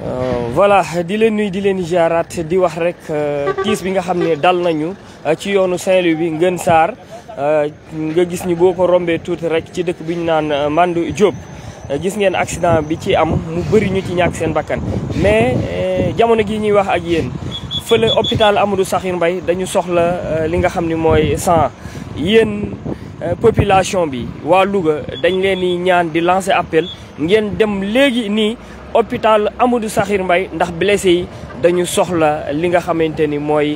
Euh, voilà di leen nuy di leen jaaraat di wax rek euh, tiis bi nga xam ne dal nañu euh, ci yoonu Saint-Louis bi Ngën Saar nga gis ni boo ko rombee tuuti rek ci dëkk bi ñu naan Mandu Diop. gis ngeen accident bi ci am mu bëri ñu ci ñàkk seen bakkan mais jamono gi ñuy wax ak yéen fële hôpital Amadou Sakhir mbay dañu soxla li nga xam ni mooy sang yéen. Euh, population bi waa Louga dañ leen ñaan di lancer appel ngeen dem léegi nii hopital Amadou Sakhir Mbaye ndax blessé yi dañu soxla li nga xamante ni mooy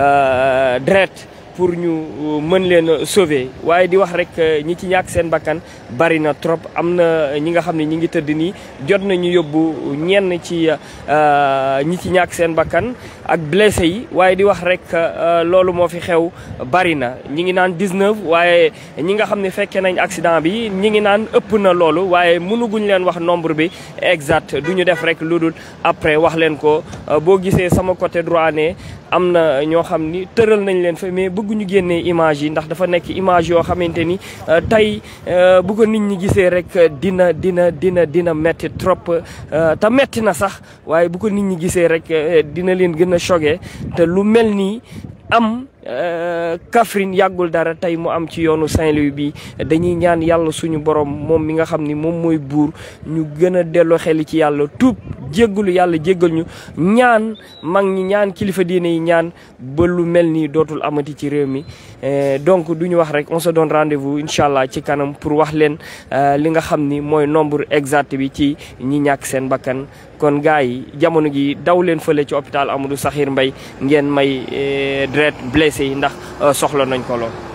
euh, deret pour ñu euh, mën leen sauver waaye di wax rek euh, ñi ci ñàkk seen bakkan bari na trop am na ñi nga xam ne ñi ngi tëdd nii jot nañu yóbbu ñenn ci euh, ñi ci ñàkk seen bakkan ak blessé yi waaye di wax rek loolu moo fi xew bari na ñi ngi naan 19 waaye ñi nga xam ne fekkee nañ accident bi ñi ngi naan ëpp na loolu waaye mënuguñ leen wax nombre bi exact du ñu def rek lu dul après wax leen ko boo gisee sama côté droit ne am na ñoo xam ni tëral nañ leen fa mais bëgguñu génnee image yi ndax dafa nekk image yoo xamante ni euh, tey euh, bu ko nit ñi gisee rek euh, dina dina dina dina metti trop te metti na sax waaye bu ko nit ñi gisee rek dina leen gën a choqué te lu mel nii am Kaffrine yàggul dara tey mu am ci yoonu Saint-Louis bi dañuy ñaan yàlla suñu borom moom mi nga xam ni moom mooy buur ñu gën a delloo xel ci yàlla tuub jéggulu yàlla jéggal ñu ñaan mag ñi ñaan kilifa diine yi ñaan ba lu mel nii dootul amati ci réew mi eh, donc du ñu wax rek on se donne rendez incha allah ci kanam pour wax leen eh, li nga xam ni mooy nombre exact bi ci ñi ñàkk seen bakkan kon gars yi jamono gi daw leen fële ci hôpital Amadou Sakhir mbay ngeen may eh, dret blessé yi ndax soxla nañ ko lool